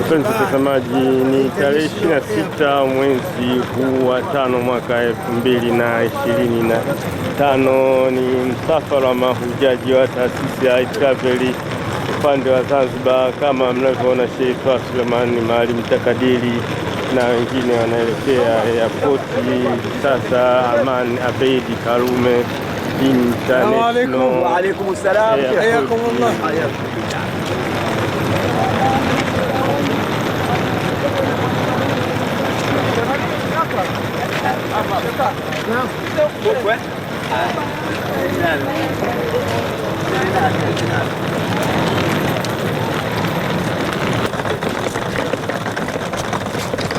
Mpenzi mtazamaji, ni tarehe ishirini na sita mwezi huu wa tano mwaka elfu mbili na ishirini na tano ni msafara wa mahujaji wa taasisi ya Traveli upande wa Zanzibar. Kama mnavyoona, Suleiman ni mahali mtakadili na wengine wanaelekea airport Sasa Aman Abeid Karume Selam aleyküm. Ve aleyküm selam. Hayyakumullah.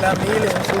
La mil en su.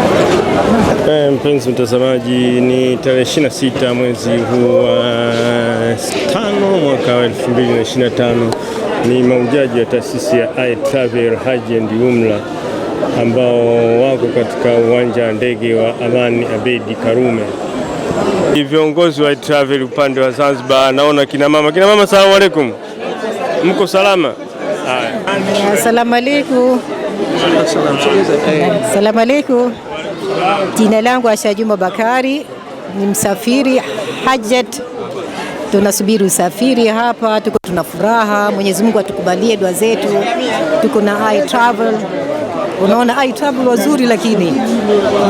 E, mpenzi mtazamaji, ni tarehe 26 mwezi huu wa tano mwaka wa 2025. Ni maujaji wa taasisi ya I Travel Haji and Umra ambao wako katika uwanja wa ndege wa Amani Abedi Karume. Viongozi wa I Travel upande wa Zanzibar, naona kina mama, kina mama, salamu aleikum, mko salama? Haya, salamu alaikum, salamu alaikum. Jina langu Asha Juma Bakari, ni msafiri Hajat. Tunasubiri usafiri hapa, tuko tuna furaha. Mwenyezi Mungu atukubalie dua zetu. Tuko na I travel, unaona I travel wazuri, lakini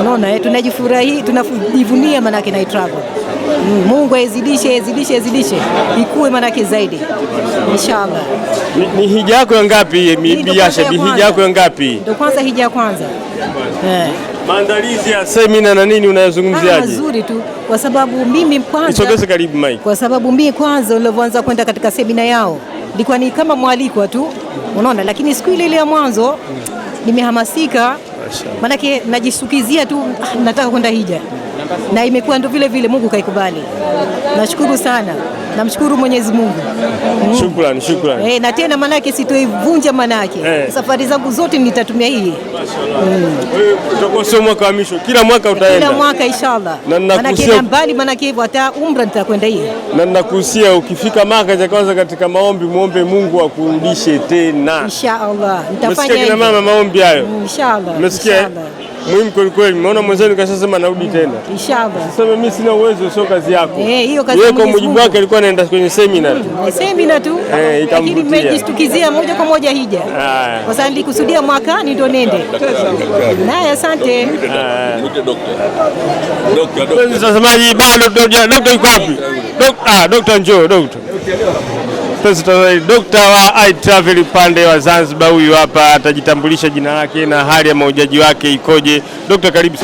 unaona eh, tunajifurahi, tunajivunia manake na I travel. Mm, Mungu aizidishe, aizidishe, aizidishe ikuwe manake zaidi inshallah. Ni hija yako ngapi? Biasha, hija yako ngapi? Ndio kwanza hija ya kwanza eh maandalizi ya semina na nini unayozungumziaje? Nzuri ah, tu kwa sababu mimi kwanza, isogeze karibu mic. Kwa sababu mimi kwanza nilivyoanza kwenda katika semina yao ilikuwa ni kama mwalikwa tu, unaona, lakini siku ile ile ya mwanzo nimehamasika, maanake najisukizia tu, ah, nataka kwenda hija na imekuwa ndo vile vile, Mungu kaikubali. Nashukuru sana, namshukuru Mwenyezi Mungu. Mm. Shukrani, shukrani. Eh, na tena manake sitoivunja manake eh. Safari zangu zote nitatumia hii. Mm. Utakuwa sio mwaka wa misho, kila mwaka utaenda. Kila mwaka inshallah. Na ninakuhusia mbali manake hivyo hata umra nitakwenda hii. Na ninakuhusia ukifika Maka cha kwanza katika maombi muombe Mungu akurudishe tena. Inshallah. Nitafanya hivyo. Mama maombi hayo. Mm, inshallah. Msikia muhimu kweli kweli. Umeona mwenzenu kashasema narudi tena, inshallah. Sema mimi sina uwezo, sio kazi yako eh, hiyo. Kazi kwa mujibu wake alikuwa anaenda kwenye semina tu, eh, semina tu, eh, lakini mmejistukizia moja kwa moja hija, kwa sababu nilikusudia mwakani ndo nende naye. Asante mtazamaji, bado dokta yuko wapi? Ah, dokta njoo, dokta Festo dokta wa I Travel upande wa Zanzibar, huyu hapa atajitambulisha jina lake na hali ya mahujaji wake ikoje. Dokta, karibu.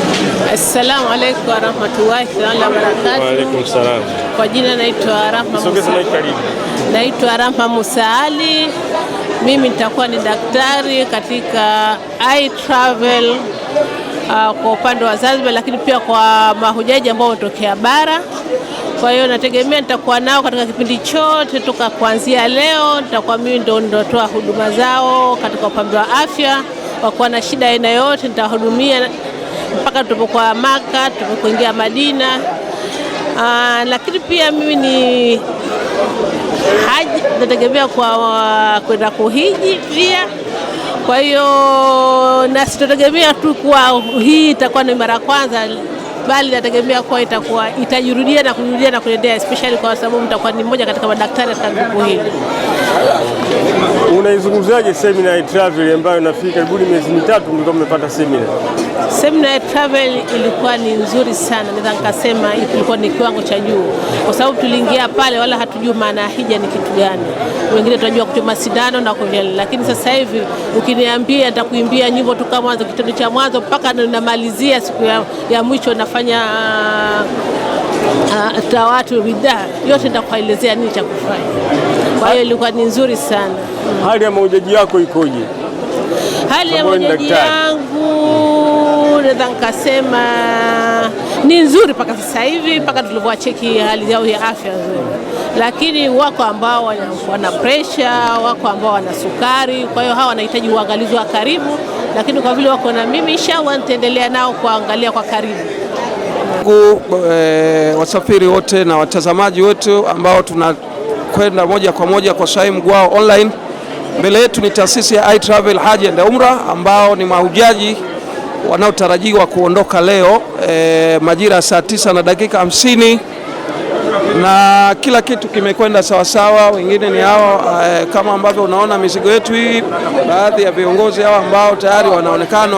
Assalamu alaykum wa rahmatullahi wa barakatuh. Wa alaykum salam. Kwa jina naitwa Rahma Musa. Naitwa Rahma Musa Ali. Mimi nitakuwa ni daktari katika I Travel uh, kwa upande wa Zanzibar, lakini pia kwa mahujaji ambao wanatokea bara kwa hiyo nategemea nitakuwa nao katika kipindi chote toka kuanzia leo, nitakuwa mimi ndo ndotoa huduma zao katika upande wa afya. Wakuwa na shida aina yoyote nitawahudumia mpaka tutapokuwa Maka, tulipokuingia Madina. Aa, ah, lakini pia mimi ni haji, nategemea kwa kwenda kuhiji pia. Kwa hiyo na sitategemea tu kuwa hii itakuwa ni mara kwanza bali nategemea kuwa itakuwa itajirudia na kujirudia na kuendelea, especially kwa sababu mtakuwa ni mmoja katika madaktari katika grupu hili. Unaizungumzaje semina ya travel ambayo nafika karibuni miezi mitatu mlikuwa mmepata semina? Semina ya travel ilikuwa ni nzuri sana, naweza nikasema ilikuwa ni kiwango cha juu, kwa sababu tuliingia pale wala hatujui maana ya hija ni kitu gani. Wengine tunajua kuchoma sindano na kuvyali, lakini sasa hivi ukiniambia nitakuimbia nyimbo toka mwanzo, kitendo cha mwanzo mpaka ninamalizia siku ya, ya mwisho nafanya uh, hata ah, watu bidhaa yote nitakuelezea nini cha kufanya. Kwa hiyo ilikuwa ni nzuri sana. Hali ya maujaji yako ikoje? Hali ya maujaji yangu naweza nikasema ni nzuri mpaka sasa hivi, mpaka tulivyocheki hali yao ya afya nzuri, lakini wako ambao wana, wana presha, wako ambao wana sukari, kwa hiyo hawa wanahitaji uangalizi wa karibu, lakini kwa vile wako na mimi, inshallah nitaendelea nao kuangalia kwa karibu wangu e, eh, wasafiri wote na watazamaji wetu ambao tunakwenda moja kwa moja kwa Sahih Gwao online. Mbele yetu ni taasisi ya I Travel Haji and Umra ambao ni mahujaji wanaotarajiwa kuondoka leo e, majira ya saa tisa na dakika hamsini na kila kitu kimekwenda sawasawa. Wengine ni hawa e, eh, kama ambavyo unaona mizigo yetu hii, baadhi ya viongozi hao ambao tayari wanaonekana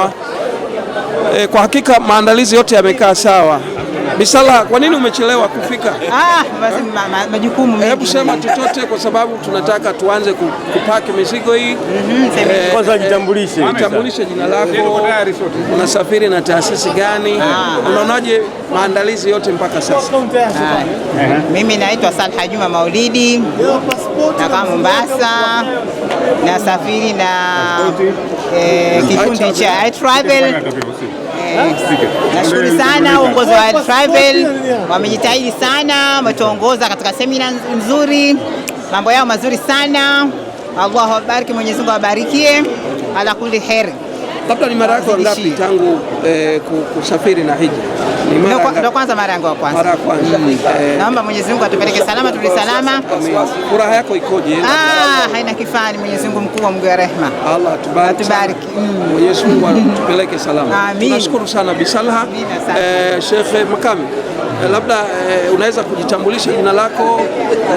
E, kwa hakika maandalizi yote yamekaa sawa. Misala, kwa nini umechelewa kufika? Ah, basi majukumu mengi. Hebu sema chochote kwa sababu tunataka tuanze kupaki mizigo hii. Mhm, eh, Kwanza eh, jitambulishe. Jitambulishe jina lako. Unasafiri na taasisi gani? Ah, ah. Unaonaje maandalizi yote mpaka sasa? Uh-huh. Mimi naitwa Salha Juma Maulidi. Nakaa Mombasa. Nasafiri na eh, kikundi cha Travel. Nashukuru sana uongozi wa Travel, wamejitahidi sana, wametuongoza katika semina nzuri, mambo yao mazuri sana. Allahu akbar, Mwenyezi Mungu awabarikie ala kulli heri. Labda ni mara yako ngapi tangu eh, kusafiri na hija? Ndio kwanza mara yangu ya kwanza. Mara ya kwanza. Mm. Eh, naomba Mwenyezi Mungu atupeleke salama tuli salama. Furaha yako ikoje? Ah, haina kifani. Mwenyezi Mungu mkuu mwenye rehema. Allah atubariki. Mm. Mwenyezi Mungu atupeleke salama. Tunashukuru sana Bisalha. Eh, Sheikh Makame Eh, labda eh, unaweza kujitambulisha jina lako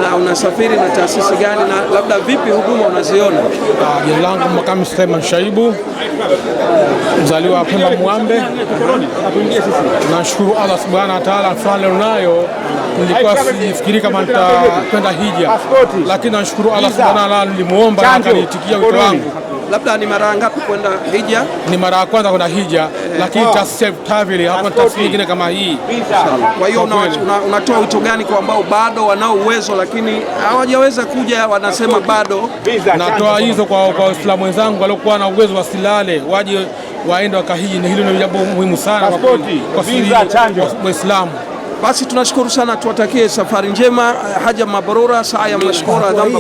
na unasafiri na taasisi gani na labda vipi huduma unaziona? Jina langu Makamu Suleiman Shaibu, mzaliwa wa Pemba Mwambe. Nashukuru Allah subhana wa taala, leo nayo nilikuwa sifikiri kama nitakwenda hija, lakini nashukuru Allah subhanahu wa taala, nilimuomba na akaniitikia wito wangu Labda ni mara ngapi kwenda hija? Ni mara ya kwanza kwenda hija, eh, lakini travel hapo tafsiri nyingine kama hii. Kwa hiyo unatoa wito gani kwa ambao bado wanao uwezo lakini hawajaweza kuja, wanasema bado? Natoa hizo kwa Waislamu wenzangu waliokuwa na uwezo wasilale, waje waende wakahiji. Hilo ni jambo muhimu sana kwa Waislamu. Basi tunashukuru sana, tuwatakie safari njema, haja mabarura, saa ya mashkura, dhamba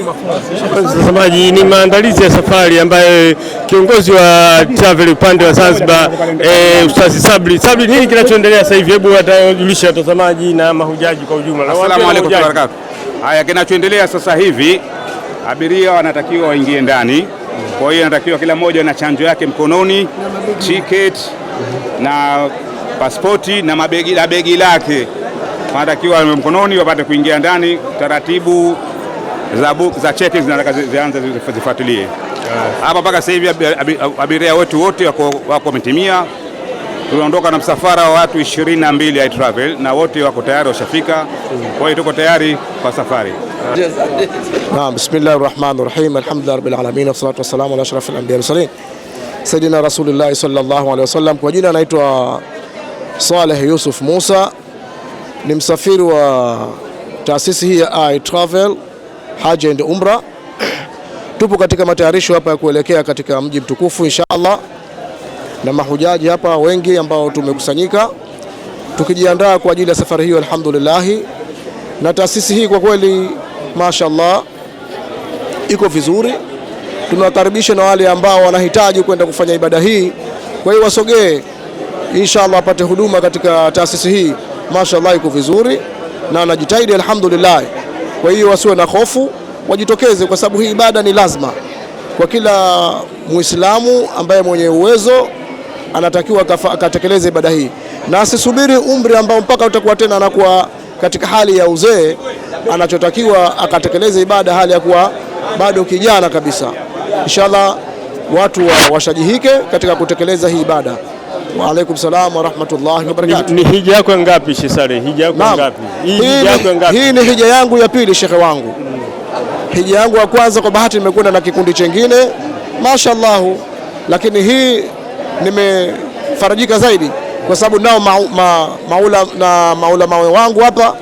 Mtazamaji, ni maandalizi ya safari ambayo kiongozi wa travel upande wa Zanzibar eh, Ustazi Sabri. Sabri, nini kinachoendelea sasa hivi? Hebu atajulisha watazamaji na mahujaji kwa ujumla. Asalamu alaykum barakatuh. Haya, kinachoendelea sasa hivi, abiria wanatakiwa waingie ndani. Kwa hiyo anatakiwa kila mmoja na chanjo yake mkononi, tiketi na pasipoti na mabegi la begi lake wanatakiwa mkononi, wapate kuingia ndani. Taratibu za, za cheki zinataka zianze zifuatilie hapa. Mpaka sasa hivi abiria wetu wote wako wametimia. Tunaondoka na msafara wa watu ishirini na mbili travel na wote wako tayari washafika, kwa hiyo tuko tayari kwa safari. Naam, bismillahir rahmanir rahim, alhamdulillahi rabbil alamin wassalatu wassalamu ala ashrafil anbiya mursalin sayyidina rasulillahi sallallahu alaihi wasallam. Kwa jina anaitwa Saleh Yusuf Musa ni msafiri wa taasisi hii ya I Travel Haji and Umra. Tupo katika matayarisho hapa ya kuelekea katika mji mtukufu inshallah, na mahujaji hapa wengi ambao tumekusanyika tukijiandaa kwa ajili ya safari hiyo alhamdulillah. Na taasisi hii kwa kweli mashaallah iko vizuri, tunawakaribisha na wale ambao wanahitaji kwenda kufanya ibada hii, kwa hiyo wasogee inshallah apate huduma katika taasisi hii mashaallah iko vizuri na anajitahidi alhamdulillah. Kwa hiyo wasiwe na hofu, wajitokeze kwa sababu hii ibada ni lazima kwa kila Muislamu ambaye mwenye uwezo anatakiwa akatekeleze ibada hii, na asisubiri umri ambao mpaka utakuwa tena anakuwa katika hali ya uzee. Anachotakiwa akatekeleze ibada hali ya kuwa bado kijana kabisa. Inshallah watu washajihike katika kutekeleza hii ibada. Waalaikum salaam wa wabarakatuh. Ni hija yako ngapi Sheikh Saleh? Hija yako ngapi? Hii ni hija yangu ya pili shekhe wangu. Hija yangu ya kwanza kwa bahati nimekwenda na kikundi chengine mashallahu, lakini hii nimefarajika zaidi kwa sababu nao ma, ma, maula, na maulama wangu hapa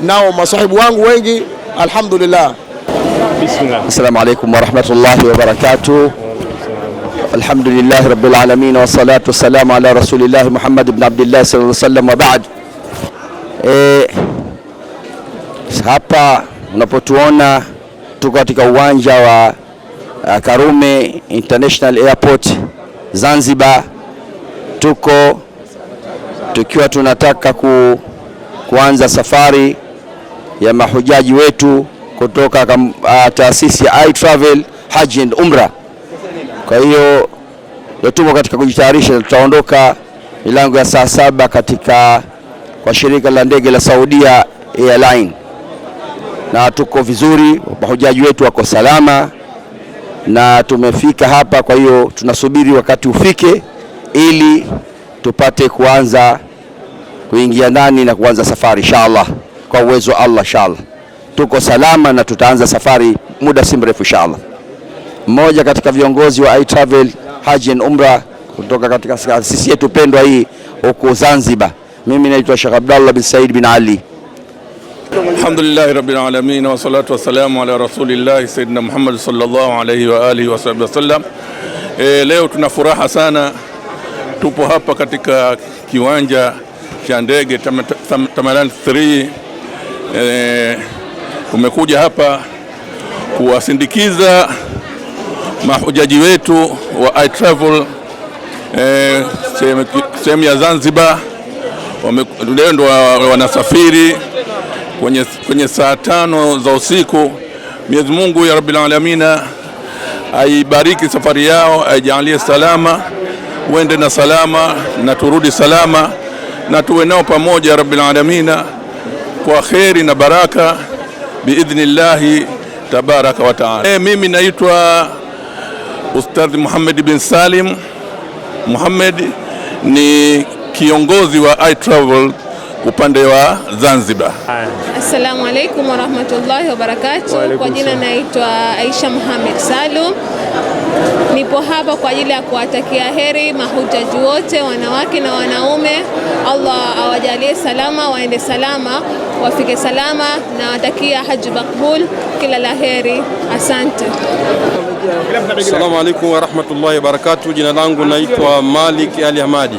nao masahibu wangu wengi alhamdulillah. Bismillah. Assalamu alaykum warahmatullahi wabarakatuh. Alhamdulillahi rabbil alamin wassalatu wassalamu ala rasulillahi Muhammad ibn Abdillah sallallahu alaihi wasallam wa baad. E, hapa unapotuona tuko katika uwanja wa uh, Karume International Airport Zanzibar, tuko tukiwa tunataka ku, kuanza safari ya mahujaji wetu kutoka uh, taasisi ya iTravel Haji and kwa hiyo tuko katika kujitayarisha, tutaondoka milango ya saa saba katika kwa shirika la ndege la Saudia Airline, na tuko vizuri, mahujaji wetu wako salama na tumefika hapa. Kwa hiyo tunasubiri wakati ufike ili tupate kuanza kuingia ndani na kuanza safari inshallah, kwa uwezo wa Allah inshallah tuko salama na tutaanza safari muda si mrefu inshallah mmoja katika viongozi wa iTravel Haji and Umra kutoka katika taasisi yetu pendwa hii huko Zanzibar. Mimi naitwa Sheikh Abdallah bin Said bin Ali. Alhamdulillah rabbil alamin wa salatu wassalamu ala rasulillahi sayyidina Muhammad sallallahu alayhi wa alihi wa sahbihi wasallam. E, leo tuna furaha sana, tupo hapa katika kiwanja cha ndege Tamalan 3 e, umekuja hapa kuwasindikiza mahujaji wetu wa I Travel eh, sehemu ya Zanzibar leo ndo wanasafiri kwenye, kwenye saa tano za usiku. Mwenyezi Mungu ya Rabbil Alamina aibariki safari yao, aijalie salama, uende na salama na turudi salama, na tuwe nao pamoja ya Rabbil Alamina kwa kheri na baraka biidhnillahi tabaraka wa taala. E, mimi naitwa Ustadh Muhammad bin Salim Muhamed ni kiongozi wa iTravel upande wa Zanzibar. Assalamu alaikum warahmatullahi wabarakatuh. Kwa jina naitwa Aisha Muhamed Salum. Nipo hapa kwa ajili ya kuwatakia heri mahujaji wote wanawake na wanaume. Allah awajalie salama, waende salama wafike salama na watakia haji makbul, kila la heri. Asante. Assalamu alaikum warahmatullahi wabarakatu Jina langu naitwa Malik Ali Hamadi,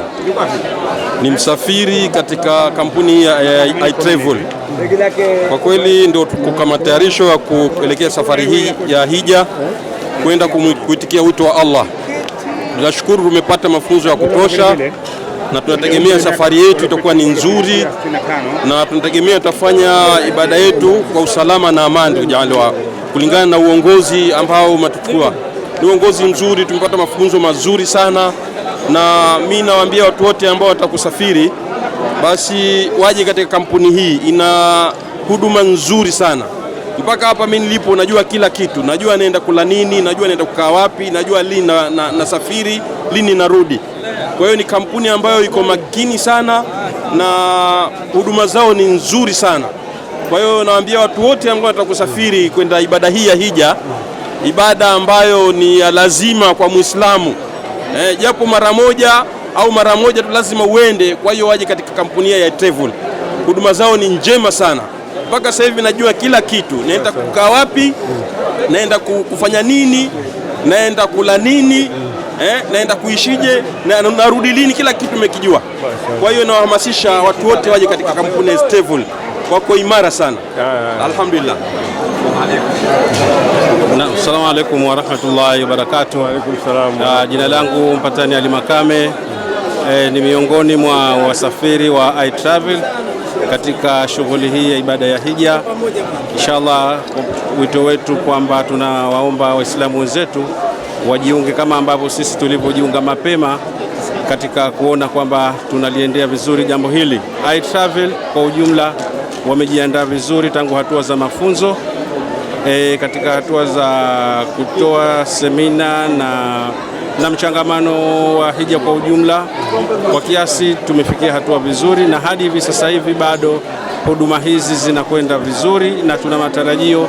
ni msafiri katika kampuni ya iTravel. Kwa kweli ndio tuko kama matayarisho ya kuelekea safari hii ya hija kwenda kuitikia wito wa Allah. Tunashukuru tumepata mafunzo ya kutosha na tunategemea safari yetu itakuwa ni nzuri, na tunategemea tutafanya ibada yetu kwa usalama na amani, tukijaliwa, kulingana na uongozi ambao umetuchukua. Ni uongozi mzuri, tumepata mafunzo mazuri sana, na mi nawaambia watu wote ambao watakusafiri basi waje katika kampuni hii, ina huduma nzuri sana. Mpaka hapa mimi nilipo, najua kila kitu, najua naenda kula nini, najua naenda kukaa wapi, najua lini na, na, safiri lini narudi. Kwa hiyo ni kampuni ambayo iko makini sana na huduma zao ni nzuri sana. Kwa hiyo nawaambia watu wote ambao watakusafiri kwenda ibada hii ya hija, ibada ambayo ni ya lazima kwa Muislamu eh, japo mara moja au mara moja tu lazima uende. Kwa hiyo waje katika kampuni ya Travel, huduma zao ni njema sana mpaka sasa hivi najua kila kitu, naenda kukaa wapi, naenda kufanya nini, naenda kula nini eh, naenda kuishije na narudi lini, kila kitu tumekijua. Kwa hiyo nawahamasisha watu wote waje katika kampuni ya Stevol, wako imara sana alhamdulillah. Naam, assalamu alaykum wa rahmatullahi wa barakatuh. Wa alaykum salaam. Ah, jina langu Mpatani Ali Makame. E, ni miongoni mwa wasafiri wa I Travel katika shughuli hii ya ibada ya Hija. Inshallah, wito wetu kwamba tunawaomba Waislamu wenzetu wajiunge kama ambavyo sisi tulivyojiunga mapema katika kuona kwamba tunaliendea vizuri jambo hili. I Travel kwa ujumla wamejiandaa vizuri tangu hatua za mafunzo e, katika hatua za kutoa semina na, na mchangamano wa hija kwa ujumla. Kwa kiasi tumefikia hatua vizuri, na hadi hivi sasa hivi bado huduma hizi zinakwenda vizuri na tuna matarajio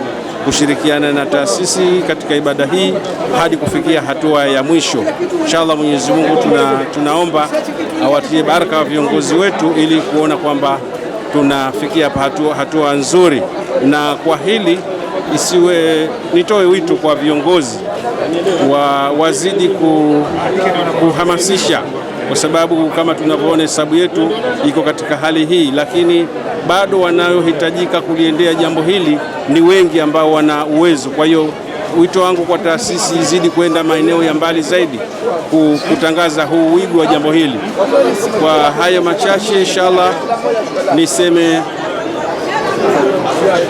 kushirikiana na taasisi katika ibada hii hadi kufikia hatua ya mwisho. Inshallah, Mwenyezi Mungu tuna, tunaomba awatie baraka wa viongozi wetu ili kuona kwamba tunafikia hatua, hatua nzuri. Na kwa hili isiwe, nitoe wito kwa viongozi wa, wazidi kuhamasisha kwa sababu kama tunavyoona hesabu yetu iko katika hali hii, lakini bado wanayohitajika kuliendea jambo hili ni wengi ambao wana uwezo. Kwa hiyo wito wangu kwa taasisi izidi kwenda maeneo ya mbali zaidi kutangaza huu wigo wa jambo hili. Kwa hayo machache, inshallah niseme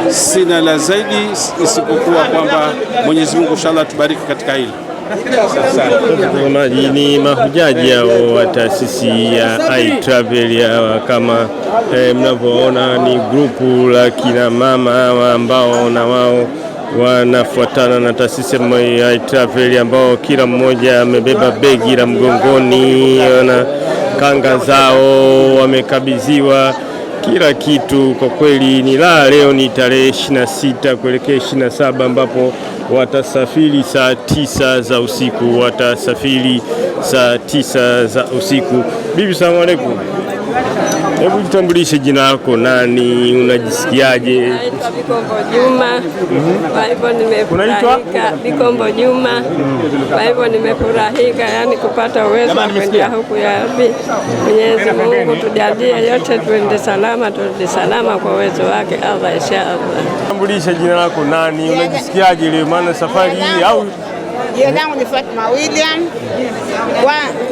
sina la zaidi isipokuwa kwamba Mwenyezi Mungu inshallah tubariki katika hili. Watazamaji ni mahujaji hao wa taasisi ya I Travel hawa, kama eh, mnavyoona ni grupu la kina mama hawa ambao na wao wanafuatana na taasisi ya I Travel ambao kila mmoja amebeba begi la mgongoni, wana kanga zao wamekabidhiwa kila kitu kwa kweli ni la Leo ni tarehe 26 kuelekea 27 ambapo watasafiri saa tisa za usiku, watasafiri saa tisa za usiku. Bibi, salamu aleikum. Hebu jitambulishe jina lako, nani, unajisikiaje? Naitwa Bikombo Juma. Mhm. Kwa hivyo nimefurahika. Bikombo Juma. Mhm. Kwa hivyo nimefurahika, yani kupata uwezo wa kwenda huku Yapi. Mwenyezi Mungu tujalie yote, tuende salama, tuende salama kwa uwezo wake Allah, insha Jitambulishe jina lako, nani, unajisikiaje leo, maana safari hii au Jina langu ni Fatma William.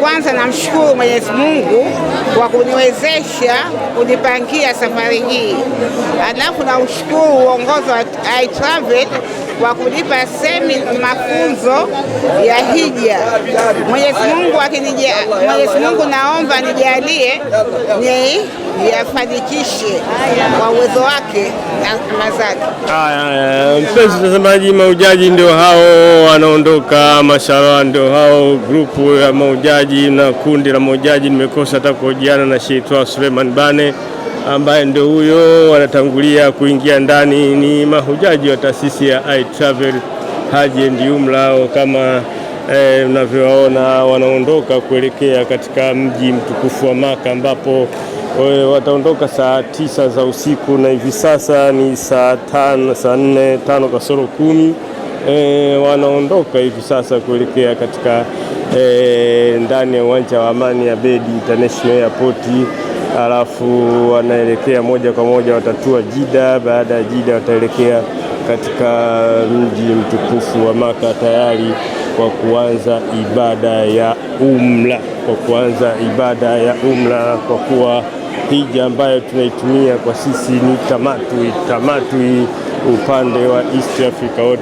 Kwanza namshukuru Mwenyezi Mungu kwa kuniwezesha kunipangia safari hii, alafu na ushukuru uongozi wa iTravel kwa kulipa semi mafunzo ya hija. Mwenyezi Mungu akinija, Mwenyezi Mungu naomba nijalie ni yafanikishe kwa uwezo wake na zake. Haya, mpenzi mtazamaji, maujaji ndio hao wanaondoka, mashallah, ndio hao grupu ya maujaji na kundi la maujaji. Nimekosa hata kuhojiana na Sheitwa Suleiman Bane ambaye ndio huyo wanatangulia kuingia ndani, ni mahujaji wa taasisi ya travel Agent ndio mlao kama mnavyowaona eh, wanaondoka kuelekea katika mji mtukufu wa Maka ambapo eh, wataondoka saa tisa za usiku na hivi sasa ni saa tano, saa nne tano kasoro kumi. E, wanaondoka hivi sasa kuelekea katika e, ndani ya uwanja wa Amani Abeid International Airport, alafu wanaelekea moja kwa moja watatua Jida. Baada ya Jida wataelekea katika mji mtukufu wa Maka tayari kwa kuanza ibada ya umra, kwa kuanza ibada ya umra, kwa kuwa hija ambayo tunaitumia kwa sisi ni tamatui, tamatui upande wa East Africa wote